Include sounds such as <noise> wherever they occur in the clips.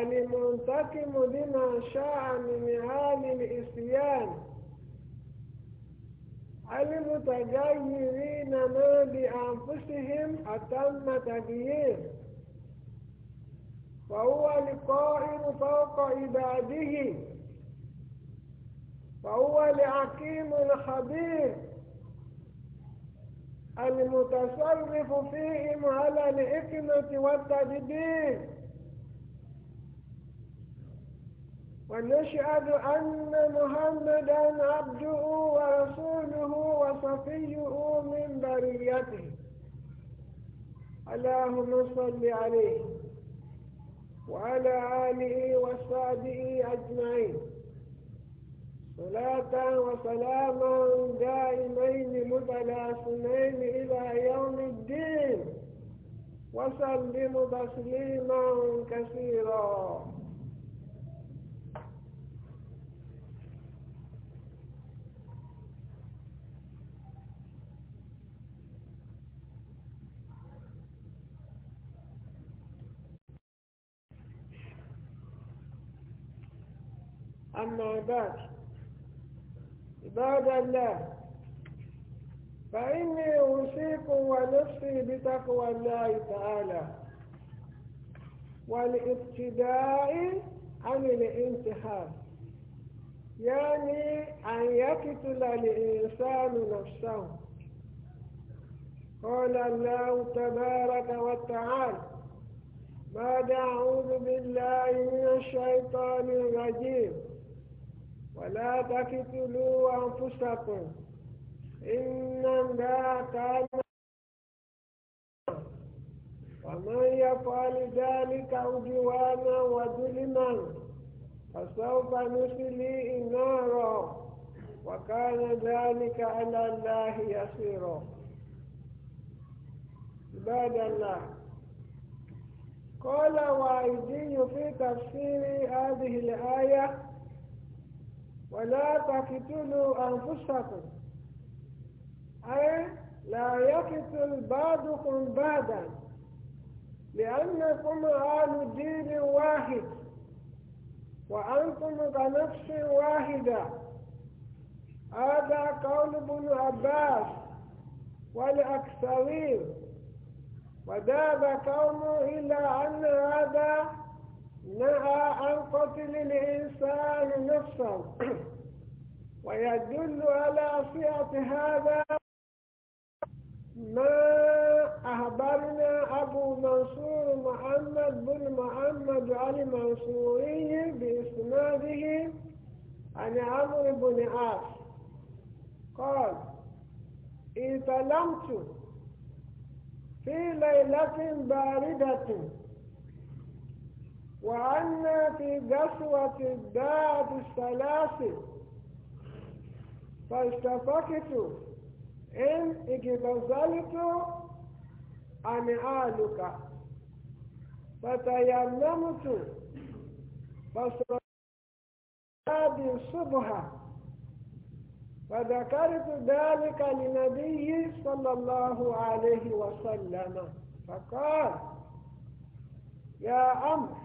المنتقم لما شاء من هذا الإسيان المتغيرين ما بأنفسهم أتم تغيير فهو القائم فوق عباده فهو العقيم الخبير المتصرف فيهم على الحكمة والتدبير ونشهد أن محمدا عبده ورسوله وصفيه من بريته اللهم صل عليه وعلى آله وصحبه أجمعين صلاة وسلاما دائمين متلاصمين إلى يوم الدين وسلم تسليما كثيرا أن عباد عباد الله فإني أوصيكم ونفسي بتقوى الله تعالى والابتداء عن الانتحار يعني أن يقتل الإنسان نفسه قال الله تبارك وتعالى بعد أعوذ بالله من الشيطان الرجيم ولا تقتلوا أنفسكم إن الله كان ومن يفعل ذلك عدوانا وظلما فسوف نصليه نارا وكان ذلك على الله يسيرا عباد الله قال وايدي في تفسير هذه الآية ولا تقتلوا أنفسكم أي لا يقتل بعضكم بعضا لأنكم أهل دين واحد وأنتم كنفس واحدة هذا قول ابن عباس والأكثرين وذهب قوم إلى أن هذا نهى عن قتل الإنسان نفسا <clears throat> ويدل على صحة هذا ما أخبرنا أبو منصور محمد بن محمد منصوري بإسناده عن عمرو بن عاص قال إتلمت في ليلة باردة وعنا في قسوة الداد الثلاث فاشتفقت إن اجتزلت أنعالك فتيممت فصلت الصبح فذكرت ذلك لنبي صلى الله عليه وسلم فقال يا أمر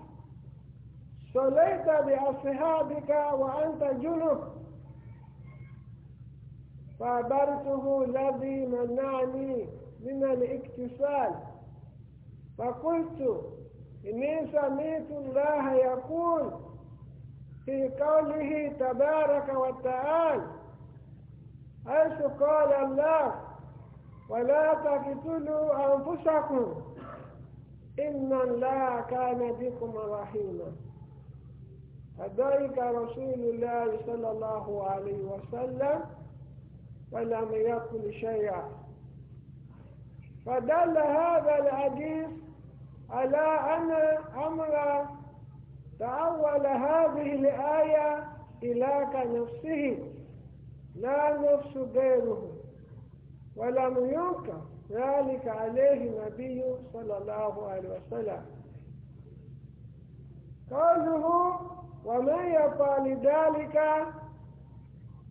صليت بأصحابك وأنت جنب فأبرته الذي منعني من الاكتسال فقلت إني سمعت الله يقول في قوله تبارك وتعالى حيث قال الله ولا تقتلوا أنفسكم إن الله كان بكم رحيما فذلك رسول الله صلى الله عليه وسلم فلم يقل شيئا فدل هذا الحديث على أن أمر تأول هذه الآية إلى كنفسه لا نفس غيره ولم ينكر ذلك عليه النبي صلى الله عليه وسلم قوله ومن يفعل ذلك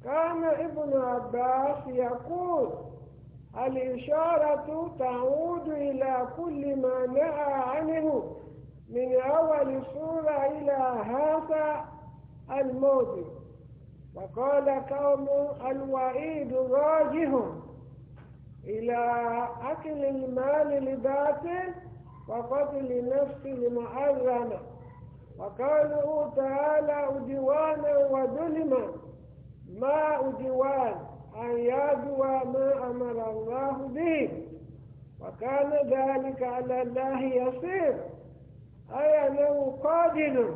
كان ابن عباس يقول الإشارة تعود إلى كل ما نهى عنه من أول سورة إلى هذا الموضع وقال قوم الوعيد راجه إلى أكل المال لذاته وقتل نفس المحرمة وقوله تعالى أجوانا وظلما ما أجوان أن يدوى ما أمر الله به وكان ذلك على الله يصير أي أنه قادر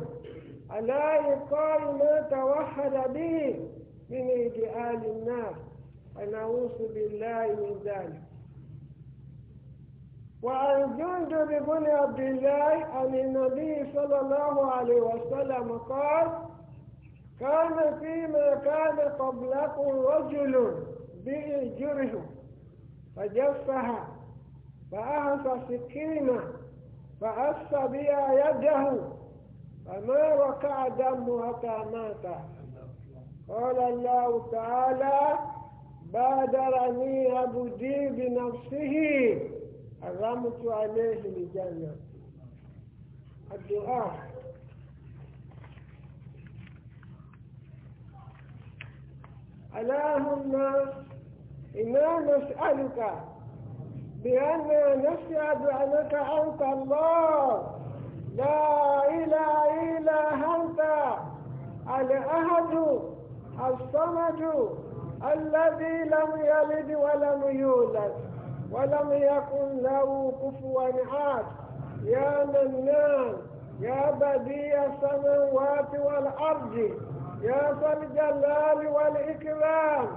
على إيقاع ما توحد به من إجعال النار فنعوذ بالله من ذلك وعن جندب بن عبد الله عن النبي صلى الله عليه وسلم قال كان فيما كان قبلكم رجل به جره فجفها فأهف سكينة فأس بها يده فما وقع دم حتى مات قال الله تعالى بادرني عبدي بنفسه حرمت عليه الجنة الدعاء اللهم إنا نسألك بأن نشهد أنك أنت الله لا إله إلا أنت الأحد الصمد الذي لم يلد ولم يولد ولم يكن له كفوا احد يا منان يا بديع السماوات والارض يا ذا الجلال والاكرام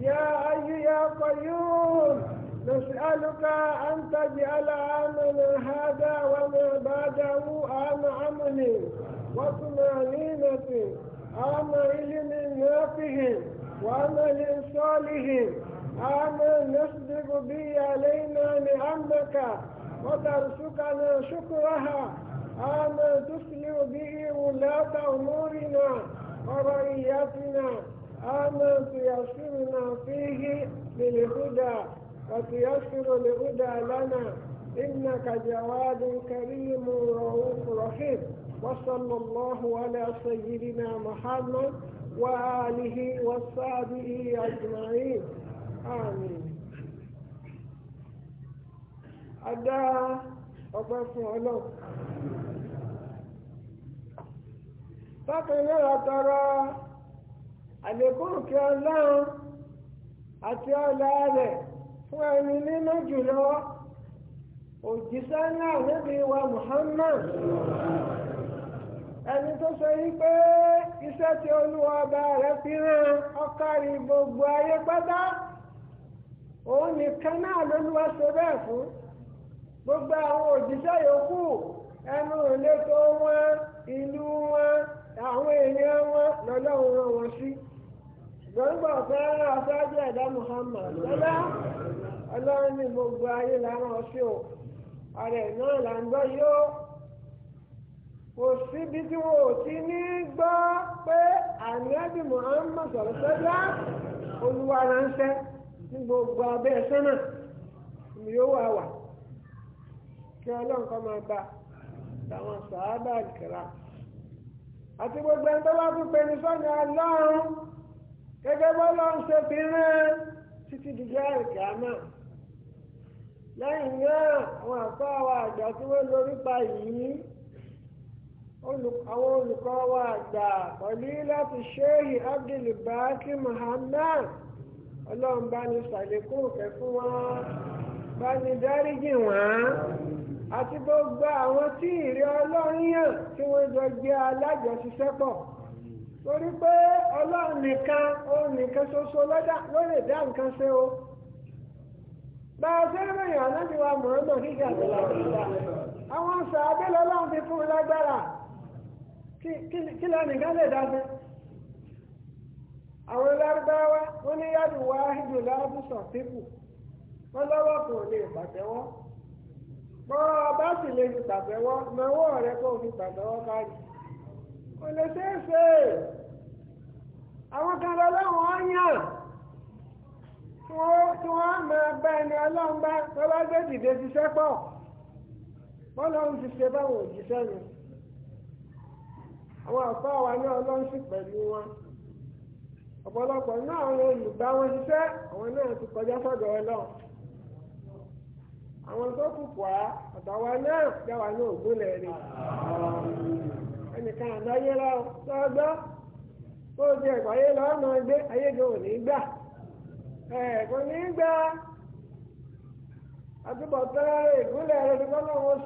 يا حي يا قيوم نسألك أن تجعل عمل هذا وما بعده ام عمل وطمأنينة ام علم نافه وعمل صالح عمل نصدق به علينا نعمك وترزقنا شكرها عمل تسلم به ولاة أمورنا ورئياتنا عمل تيسرنا فيه للهدى وتيسر الهدى لنا إنك جواد كريم رؤوف رحيم وصلى الله على سيدنا محمد وآله وصحبه أجمعين àmín adá ọpẹ́ fún ọlọ́run bákan náà tọrọ àlékún kí ọlọ́run àti ọlá rẹ̀ fún ẹni nínú jùlọ òjíṣẹ́ náà níbi wa Muhammad ẹni tó sọ yí pé iṣẹ́ tí olúwa ọba rẹ̀ fi rán ọkàrí gbogbo ayé pátá. òun nìkan náà lolúwa ṣe bẹ́ẹ̀ fún gbogbo àwọn òjíṣẹ́ yòókù ẹnu ìletò wọn ìlú wọn àwọn èèyàn wọn lọ́lọ́run rán wọn sí gbọ́ngbọ́ fẹ́ràn afẹ́jọ́ ẹ̀dá Muhammad lọ́lá ọlọ́run ní gbogbo ayé làwọn ọ̀sẹ̀ o ààrẹ náà là ń gbọ́ yó kò síbi tí wọn ò ti ní gbọ́ pé ànábì Muhammad ní gbogbo abẹ́ sánà ni yóò wà wà kí ọlọ́run kọ́ máa bá àwọn sàábà kìrà gbogbo ẹni tó bá tún pe ní sọ́nà ọlọ́run gẹ́gẹ́ bó lọ́n ṣe fi náà lẹ́yìn náà àwọn àgbà tí wọ́n lórí pa yìí àwọn olùkọ́ àgbà ọlọ́run bá ní ṣàlékún òkè fún wọn bá ní dáríjì wọn àti gbogbo àwọn tí ìrẹ ọlọ́run yàn tí wọ́n jọ jẹ́ alájọṣiṣẹ́pọ̀ torí pé ọlọ́run nìkan òun nìkan ṣoṣo ló lè dá nǹkan ṣe o bá a ṣe ròyìn ànábì wa mọ̀ọ́mọ̀ gíga àgbàlá àwọn sàábẹ́ lọ́lọ́run ti fún un lágbára kí lẹ́nìkan lè dá sí àwọn lárúbáwá wọn ní yàrá wá ìlú lábùsọ pípù wọn lọ́wọ́ kò lè pàtẹ́wọ́ bọ́ọ̀ bá sì lè fi pàtẹ́wọ́ náwó rẹ kó fi pàtẹ́wọ́ káàdì kò lè ṣeé ṣe àwọn kan lọ́wọ́ wọn yàn tí wọ́n máa bá ẹni ọlọ́run bá tó bá gbé dìde ṣiṣẹ́ pọ̀ bọ́lọ́run ti ṣe báwọn òjíṣẹ́ nu àwọn àpá wa ní ọlọ́run sì pẹ̀lú wọn. ọ̀pọ̀lọpọ̀ náà àwọn olùgbà wọn ṣiṣẹ́ àwọn náà ti kọjá sọ́dọ̀ ọlọ́run àwọn tó kù á náà jáwa ní ògbólẹ̀ rẹ̀ ẹnìkan àgbáyé lọ́gbọ́ tó di ẹ̀gbáyé lọ́nà gbé ayégo ò ní gbà ní gbà rẹ̀ ti ṣe fún wa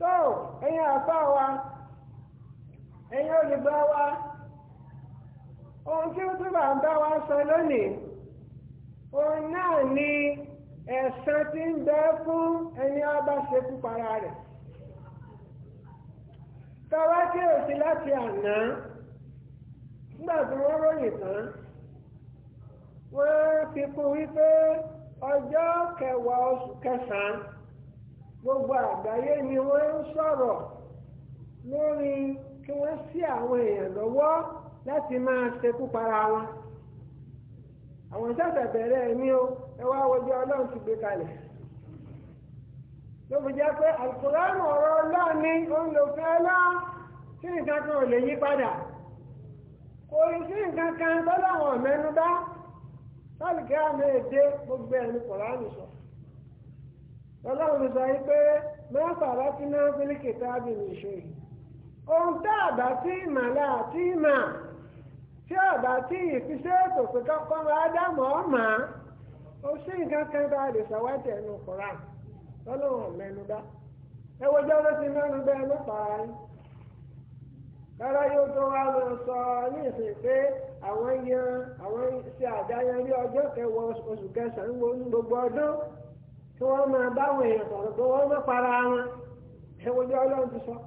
tó ẹ̀yin wa ẹ̀yin olùgbà wa. ohun tí ó túbà ń bá wa sọ lónìí òun náà ni ẹ̀san tí ń bẹ fún ẹni ọba ṣekú para rẹ̀ tọ́wá kí òsì láti àná nígbà tí wọ́n ròyìn tán wọ́n fi kún wípé ọjọ́ kẹwàá oṣù kẹsàn-án gbogbo àgbáyé ni wọ́n ń sọ̀rọ̀ lórí kí wọ́n ṣí àwọn èèyàn lọ́wọ́ láti máa ṣekú para wọn àwọn ìṣẹ̀ṣẹ̀ bẹ̀rẹ̀ ẹ̀mí o ẹ wá wojú ọlọ́run ti gbé kalẹ̀ ló fi jẹ́ pé àlùkùránù ọ̀rọ̀ ọlọ́run ni òun lò fẹ́ lọ sí nǹkan kan ò lè yí padà kò sí nǹkan kan tọ́láwọn mẹ́nubá sálùkẹ́ àmì èdè gbogbo ẹ̀ ní kùránù sọ ọlọ́run sọ yìí pé mẹ́fà bá ti náà fílíkì tábìlì ìṣòyìn ohun tá àbá tí ìmàlà àti ìmà tí àbá tí ìfiṣẹ́ ètò pé kọ́kọ́ ádámù ọ̀mà ó sí nǹkan kan bá lè ṣàwádìí ẹnu kọ̀ọ̀rà lọ́lọ́run mẹ́nu bá ẹ wọjọ́ ló ti mẹ́nu bá ẹnu pààrà yìí rárá yóò tó wá lọ sọ ní ìsìn pé àwọn yan àwọn ṣe àdáyanrí ọjọ́ kẹwọ oṣù kẹsàn-án wo ní gbogbo ọdún kí wọ́n máa báwọn èèyàn sọ̀rọ̀ pé wọ́n má para wọn ẹ wọjọ́ ọlọ́run ti sọ. So.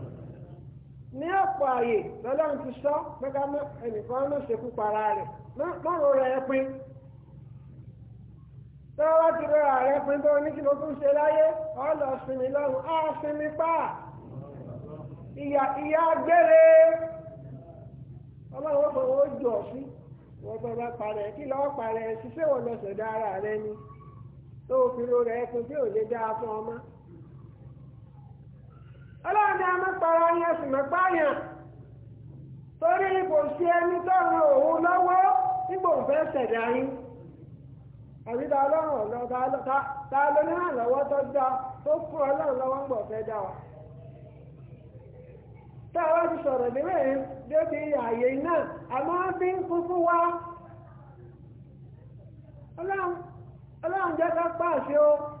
ní ọ̀pọ̀ àyè lọ́lọ́run ti sọ mẹ́ta ẹnìkan náà ṣekú para rẹ̀ márùn rẹ̀ pin tó ti rọra rẹ̀ pin tó ní kí ló tún ṣe láyé ọlọ sinmi lọ́run á sinmi pa ìyá gbére ọlọ́run jù sí wọ́n gbọ́ bá parẹ́ kí parẹ́ ṣiṣẹ́ wọn lọ sọ̀dọ̀ ara rẹ ni tó fi ro rẹ̀ tí ò lè dáa ọlọ́run ni a máa para yẹn sì torí sí ẹni tọ́rọ òun lọ́wọ́ nígbò fẹ́ ṣẹ̀dá yín àbí ọlọ́run ọ̀lọ́ ta ló tó dá tó fún ọlọ́run lọ́wọ́ ń gbọ̀ dá wa ti sọ̀rọ̀ níbẹ̀ débi náà o.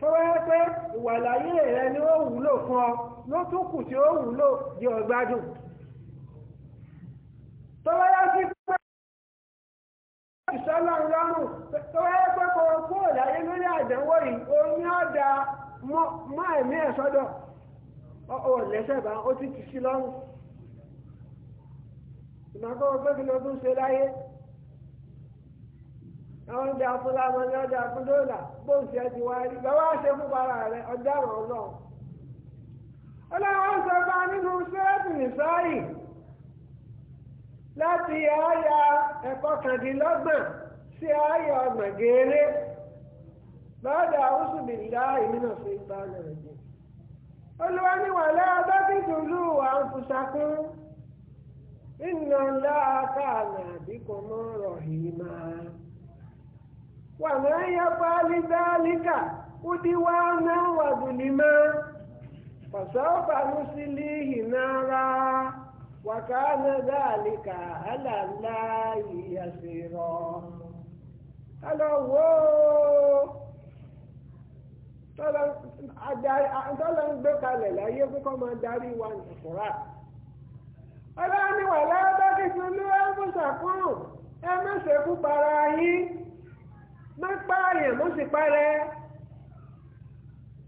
tọ́wọ́ pé ìwàláyé rẹ ni ó wúlò fún ọ ló tí ó di ọ̀gbádùn tọ́wọ́ yá lọ́rùn tọ́wọ́ yá pé lórí àdánwò yìí ó ní ọ̀dà mọ́ ẹ̀mí ẹ̀ sọ́dọ̀ ó ti ti sí lọ́rùn àwọn ọjà fúnlámọ ní ọjà fúndóòlà bóńsì ẹ ti wá rí bẹ́ẹ̀ wá ṣe fún para rẹ ọjà rọ̀ náà. sọ fún nínú sẹ́ẹ̀tì nìsọ́ọ̀yì láti àyà ẹ̀kọ́kàndínlọ́gbọ̀n sí àyà ọgbọ̀n géere lọ́dọ̀ rẹ̀ ní wàlẹ́ àbíkọ́ mọ́ rọ̀ yìí máa. ومن يفعل ذلك عدوانا وظلما فسوف نصليه نارا وكان ذلك على الله يسيرا aláwọ̀ tọ́lá ń gbé kalẹ̀ láyé kókọ́ máa darí wa nìfọ́ra ọlọ́run ni wà lábẹ́ kìtìlú ẹ̀mùsàkùn ẹ̀mùsẹ̀kù para yín. má pààyàn mọ́ sì parẹ́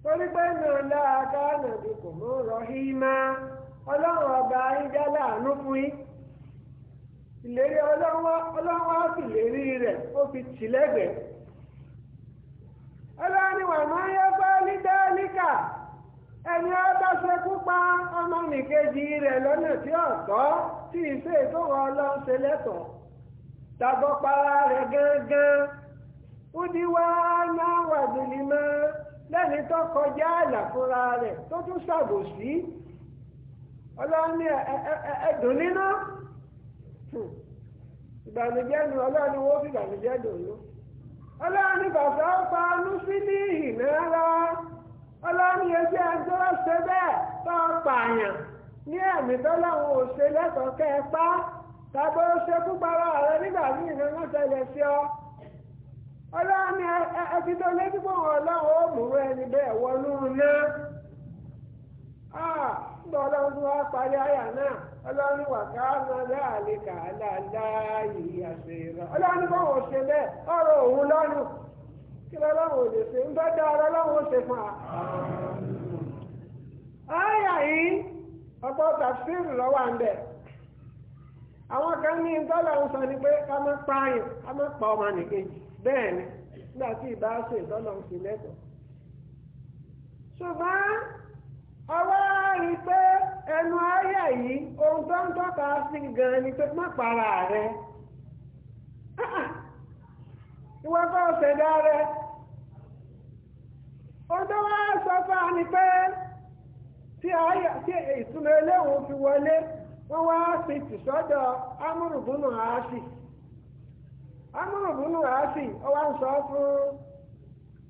torí pé náà láàká nàbí kò mọ́ rọ̀hí má ọlọ́run ọba ayíjá láàánú fún yín ìlérí ọlọ́run á sì lérí rẹ̀ ó fi tì lẹ́gbẹ̀ẹ́ ọlọ́run wà máa ń yẹ fẹ́ lídẹ́ẹ́líkà ẹni ọba ṣekú pa ọmọnìkejì rẹ̀ lọ́nà tí ọ̀tọ̀ tí ìṣe ìtòwọ́ ọlọ́run ṣe lẹ́tọ̀ọ́ tàbọ̀ para rẹ̀ gángan. ó ní wá náà wà nílì mọ́ lẹ́ni tó kọjá àlà fúnra rẹ̀ tó tún ṣàbòsí ọlọ́ni ẹ̀dùn nínú hmm. ìbànújẹ́ nu ọlọ́ni wọ́n fi ìbànújẹ́ dùnú ọlọ́ni bàbá ọ̀pá ọdún sí ní ìnára ọlọ́ni ẹgbẹ́ ẹjọ́ ṣe bẹ́ẹ̀ tó pààyàn ní ẹ̀mí tọ́láwọn òṣèlẹ́kọ̀ọ́ kẹ́ẹ̀pá tàbí ó ṣekú para rẹ nígbà míì ni wọ́n tẹ̀lé sí ọ. ọlọ́run ni ẹtìtọ́ létí fún ọlọ́run ó múrú ẹni bẹ́ẹ̀ wọnú ah, náà ọlọ́run parí àyà ọlọ́run wà ká náà láàlè kà àṣẹ ìrọ̀ ọlọ́run kò wọ́n ṣe bẹ́ẹ̀ ọ̀rọ̀ òun kí lọ́lọ́run ò lè ṣe ń dá ọlọ́run ó ṣe fún wa. àyà yìí ọ̀pọ̀ lọ́wọ́ àwọn kan ní bẹ́ẹ̀ ni nígbà tí ìbá ṣe ọwọ́ rí pé ẹnu ayé yìí ohun tó ń tọ́ka sí gan ni pé má para rẹ ìwọ kọ́ ṣẹ̀dá rẹ ohun tó wá sọ fún ni pé tí ìtumọ̀ fi wọlé wọ́n wá amúrò múnú àásì ó wá ń sọ fún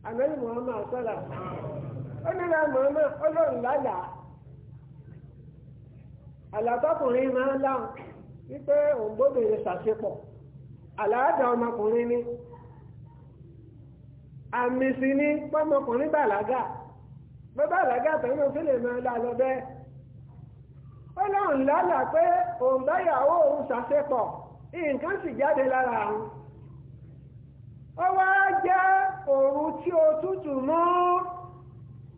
àmẹ́lì mọ̀ọ́mà sọ́là ó nílẹ̀ mọ̀ọ́mà ó lóun lálàá àlàtọ́kùnrin máa ń láhùn wípé òun gbóbìnrin ṣàṣepọ̀ àlàájá ọmọkùnrin ni àmì sí ní pọ́mọkùnrin bàlágà bó bàlágà tẹ̀lé òfin lè máa lá lọ bẹ́ẹ̀ ó lóun lálàá pé òun báyàwó òun ṣàṣepọ̀ nǹkan sì jáde lára àwọn ó wá jẹ́ òru tí ó tútù mọ́.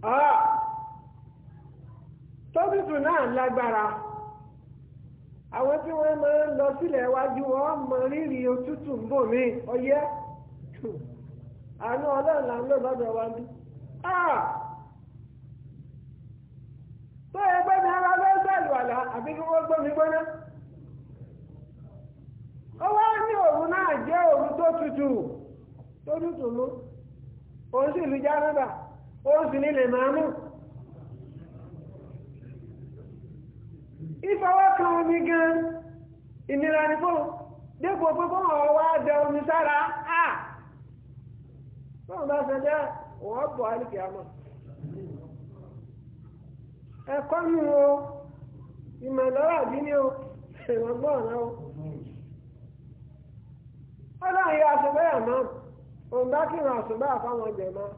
Ah! tó tútù náà lágbára àwọn tí wọ́n máa ń lọ sílẹ̀ wájú wọn mọ rírì òtútù ń bò mí ọyẹ́ àánú ọlọ́run là ń lò lọ́dọ̀ wa ní. Ah! tó yẹ pé ní ara wọ́n tó dúdú mú òun sì járábà o sì nílẹ̀ máa mú. kan omi gan ìnira ni fóun dépò pé ọwọ́ wọn omi sára bá jẹ́ wọ́n bọ̀ àlùkì àmọ́ ẹ̀kọ́ mi o o òun bá kírun àṣùbà fáwọn jẹ̀mọ́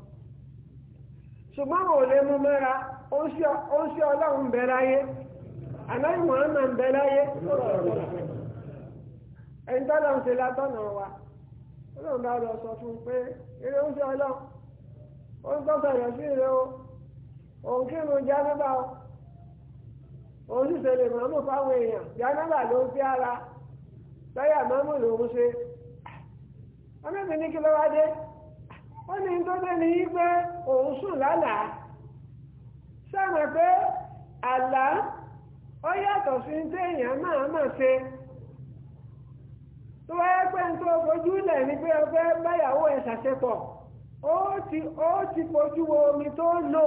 ṣùgbọ́n òun lè mú mẹ́ra ó ń ṣe ọlọ́run bẹ láyé àlẹ́ Muhammad ń bẹ láyé ẹni tọ́lọ́ ń ṣe látọ̀nà wa ọlọ́run bá lọ sọ fún un pé eré ó ṣe ọlọ́run ó ń tọ́ sọ̀rọ̀ sí ìrẹ́ o òun kírun jánábà o òun sì ṣe lè mọ̀ọ́mù fáwọn èèyàn jánábà ló ń fi ara lọ́yà mọ́mù lòún ṣe. ọlọ́run ní kí ló wá dé ó ní tó dé ní pé òun sùn lálàá sọ̀rọ̀ pé àlá ó yàtọ̀ sí ní téèyàn máa máa ṣe tó wáyé pé ní tó fojú lẹ̀ ní pé ọgbẹ́ báyàwó ẹ̀ ṣàṣepọ̀ ó ti ó ti fojú omi tó lò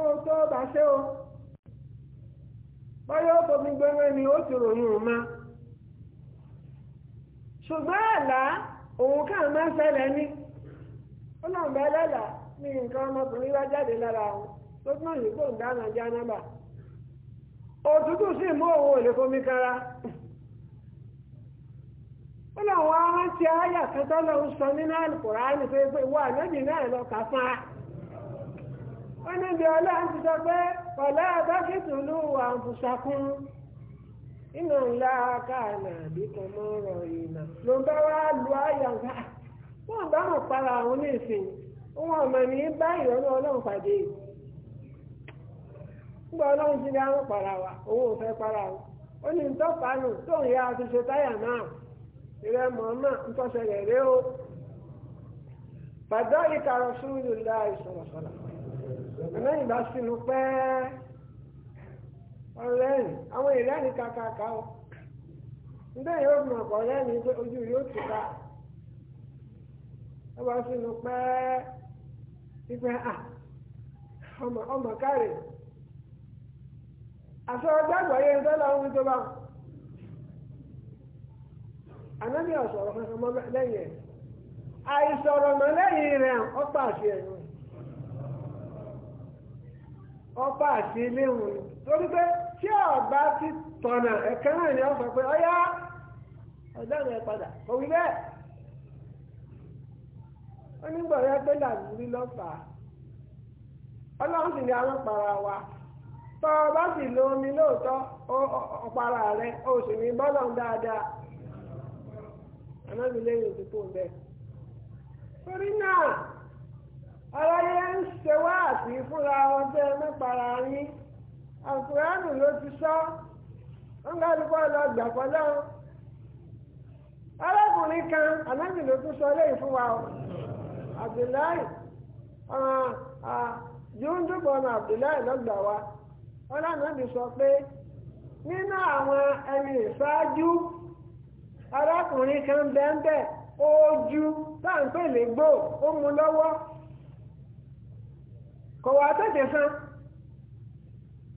o tó bá ṣe ṣùgbọ́n àlá òun káà máa fẹ́lẹ̀ ní ọlọ́run bá lẹ́là ní nǹkan ọmọkùnrin wá jáde lára àwọn tó tún yìí kò ń dáná já nọ́mbà òtútù sì mú òun òlè fomi kára ọlọ́run sọ nínú pé pé wà náà lọ a ó níbi ọlọ́run ti sọ pé iná ńlá káàna àbíkan mọ́ ọ̀rọ̀ ìrìnà ló ń bá wá lu aya ńlá wọ́n bá mọ̀ para àwọn oníṣìn wọn ọmọ ní bá ìrọ̀lú ọlọ́run pàdé nígbà ọlọ́run ti àwọn para wa òun o fẹ́ para o ó ní ntọ́pa nù tó ń yá aṣoṣo táyà náà ìrẹ́ mọ̀ọ́mà ere o bàdọ́ ìkàrọ̀ láì sínú pẹ́ẹ́. Ọlẹ́ni, àwọn ìrẹ́rìn kàkàkà o nígbà yóò mọ̀ ọ̀pọ̀ ọ̀rẹ́rìn pé ojú yóò tù ká bá sínú pẹ́ẹ́ ìgbà à ọmọ ọmọ káre àṣọ ọjọ́ àgbáyé ń tọ́lá ohun tó bá ànábì ọ̀sọ̀rọ̀ kankan mọ́ lẹ́yìn ẹ̀ àìsọ̀rọ̀ mọ́ lẹ́yìn rẹ̀ ọ̀pá àti ọ̀pá àti tí ọ̀gbá ti tọ̀nà ẹ̀kan náà ni wọ́n pé ọyá ọ̀dọ́rùn ẹ padà kò wí bẹ́ẹ̀ ó pé ọlọ́run sì ni àwọn wa tọ́ ọ bá lo omi lóòótọ́ rẹ o sì ní bọ́lọ̀ dáadáa àmọ́bi lẹ́yìn òdìpọ̀ bẹ́ẹ̀ torí náà ọ̀rọ̀ ń ṣe wá àti fúnra àkùránù ló ti sọ wọn gbàdúgbò lọ gbàgbọ́ lọ́wọ́ arákùnrin kan aláàmì ló tún sọ lẹ́yìn fún wa o Abdullahi yóò ọmọ Abdullahi lọ́gbà wa ọlọ́nàbì sọ pé nínú àwọn ẹni ìṣáájú arákùnrin kan bẹ́ẹ̀ ojú táǹpẹ̀ lè gbò ó mú lọ́wọ́ kò wá tètè san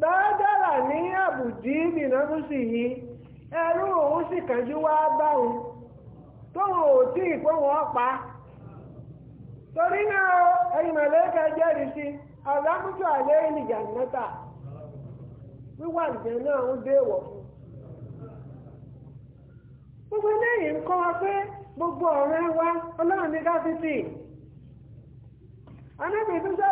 bàdàrà ní àbùdí ìbìnàmùsì yìí ẹrú òun sì kánjú wá báwọn tóun ò tí wọn pa torí náà ẹ̀yin jẹ́rìí sí àlámùtò àlẹ́ ìnìjà mẹ́ta wíwà ìjẹ́ náà ń déèwọ̀ fún gbogbo eléyìí ń kọ́ wa pé gbogbo ọ̀rẹ́ wa ọlọ́run ní káfíńtì anábìyí tó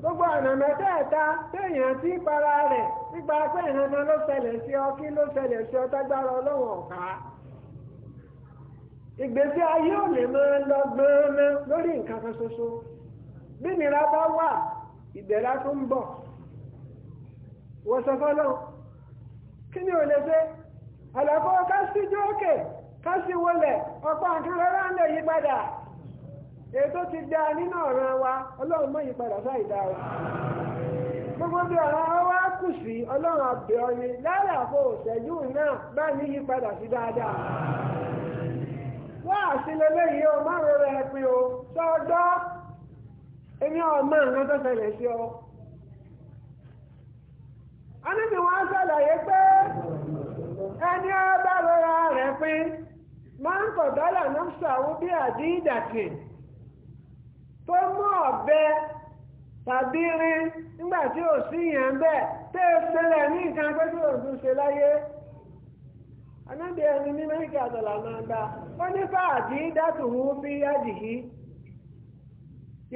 gbogbo ọ̀nà mẹ́tẹ̀ẹ̀ta téèyàn ti para rẹ̀ nípa pé ìrànà ló ṣẹlẹ̀ sí ọ kí ló ṣẹlẹ̀ sí ọ tágbára ọlọ́wọ̀n ọ̀ká ìgbésí ayé ò lè máa lọ gbọ́nà lórí nǹkan kan ṣoṣo bí nira bá wà ìbẹ̀rẹ̀ tó ń bọ̀ wọ́n sọ fọ́nà kí ni ò lè ṣe àlàfo ká síjú òkè ká sí wọlẹ̀ ọ̀pọ̀ àkàrà rẹ̀ ń lè yí padà ètò ti dá nínú ọ̀ràn wa ọlọ́run mọ́ ìyípadà sáìdá ọ gbogbo bí ọ̀ràn wa kù sí ọlọ́run àbẹ̀ ọni lára òṣèjú náà bá ní yípadà sí dáadáa wá àṣìlélẹ́yìí o márùn rẹ̀ pin o sọ́dọ́ ọmọ tó sí ọ ṣàlàyé pé ẹni rọra rẹ̀ máa ń kọ̀ dọ́là náà ṣàwọ́ bí tó mú ọ̀bẹ tàbí rin nígbà tí ó sí yẹn bẹ́ẹ̀ tẹ́ ṣẹlẹ̀ ní nǹkan pé tí ṣe láyé anábì ẹni ní mẹ́ríkà àtọ̀là máa gbà ó ní fàájì dátùhù fi yájì yìí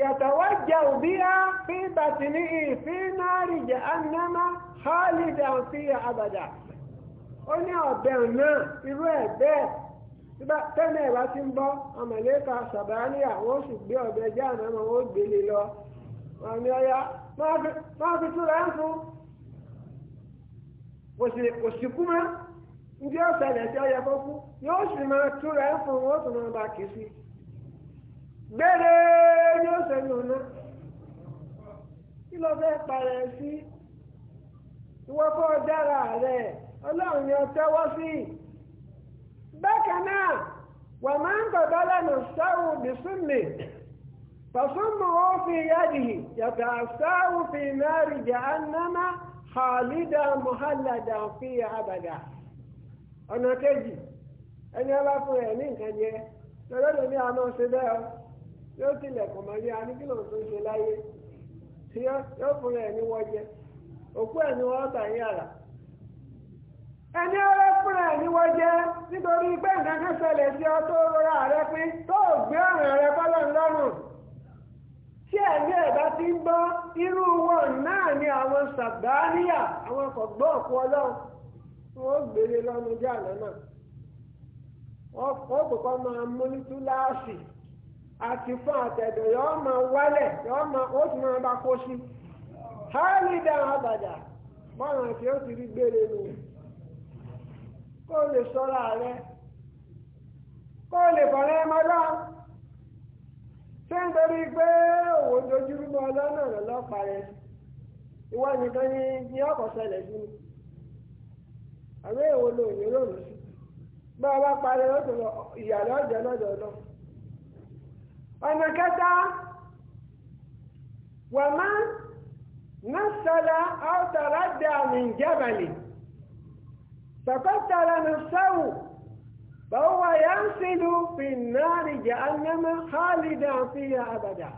يتوجه بها في بطنه ó ní ọ̀bẹ náà tẹ́lẹ̀ ìwà ti ń bọ́ ọmọlẹ́ka sàbáníà wọ́n sì gbé ọ̀bẹ jáàmù ẹ̀mọ́ wọ́n gbélé lọ wọn ni ọya máa fi túra ń fún kò sì kú mọ́ ndí ọ̀sẹ̀lẹ̀ tí ọyẹ kó kú yóò sì máa túra ń fún wọn ó tún máa bá kì í sí gbére yóò sẹ́nu ọ̀nà kí ló fẹ́ parẹ́ sí ìwọ́pọ̀ dára rẹ̀ ọlọ́run ni ọ tẹ́wọ́ sí i. bákan náà wà máa ń tọ̀dọ́ lẹ́nu sáwù bìsúnmi fàṣúnmù ó fi yádìí fi nari jahannama khalida muhallada fi abada ọ̀nà kejì ẹni ọba fún ẹ̀ ní nǹkan jẹ lọ́dọ̀ ní àmọ́ ṣe bẹ́ẹ̀ yóò tilẹ̀kùn mọ́ ní aníkìlọ̀ tó nítorí pé nǹkan kan ṣẹlẹ̀ sí ọ tó rọra rẹ pín tó gbé ọ̀ràn rẹ fọ́lọ́ lọ́rùn tí ẹ̀mí ẹ̀dá ti ń bọ́ irú wọn náà ni àwọn sàgbáníyà àwọn ọ̀pọ̀ ọlọ́run lọ́nu jẹ́ àná náà máa múlí àti fún àtẹ̀dọ̀ máa wálẹ̀ máa ó sì máa bá kó sí. àbàdà kó lè sọ́ra rẹ kó lè bọ̀rẹ́ ẹmọ lọ ṣé nítorí pé òwò dojúrúmọ lọ́nà lọ́pàá rẹ ìwọ nìkan ni ní ọkọ̀ ṣẹlẹ̀ sí mi àwọn èèwọ̀ ló ní lónìí sí bá a bá lọ́sọ̀ lọ́dọ̀ ọ̀nà kẹta wà فقتل نفسه فهو ينسل في النار جهنم خالدا فيها أبدا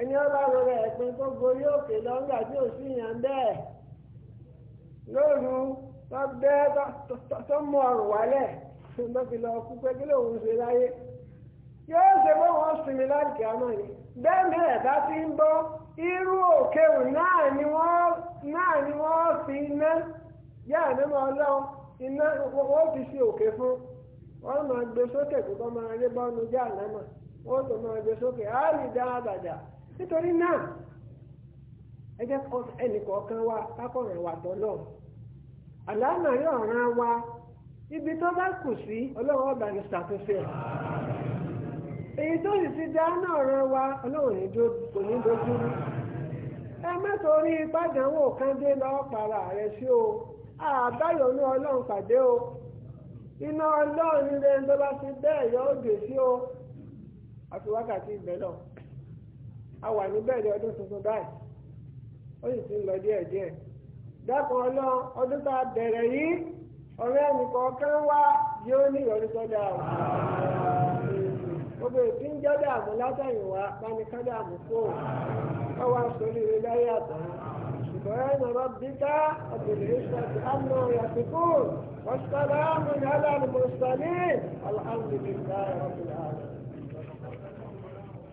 ẹni ọba rọrọ ẹ̀pin tó gorí òkè lọ́gbà tí ò sí yàn bẹ́ẹ̀ lóru tó bẹ́ tó mọ ọrùn wálẹ̀ tó ń bá fi lọ kú pé kí lóun ṣe láyé yóò ṣe pé wọ́n sinmi láti kí á mọ̀ bẹ́ẹ̀ mẹ́rẹ̀ bá ti ń bọ́ irú òkè náà ni wọ́n fi ná yá àná máa iná wọ́n fi ṣe òkè fún wọ́n máa gbé sókè kó kọ́ máa yé bọ́nu já àná wọ́n tó máa gbé sókè á lè dá àbàjá nítorí náà ẹ ẹnì kọ̀ọ̀kan wa ibi tó bá kù sí ọlọ́run ọba ní ṣàtúnṣe ẹ̀ èyí tó sì ti dá náà ràn wa ọlọ́run kò ní dojú ẹ orí o. àbáyọ̀nú ọlọ́run pàdé o iná ọlọ́run nílé ń tó bá ti bẹ́ẹ̀ yọ sí o àti wákàtí ìbẹ́lọ̀ a wà ní bẹ́ẹ̀ ní ọdún tuntun báyìí ó sì ti lọ díẹ̀díẹ̀ dákun ọlọ́run ọdún tá a bẹ̀rẹ̀ yìí ọ̀rẹ́ ẹnìkan kan wá ní o gbogbo bá ní ọwọ́ àṣọ oríire láyé سبحان ربك رب العزة عما يصفون والسلام على المرسلين الحمد لله رب العالمين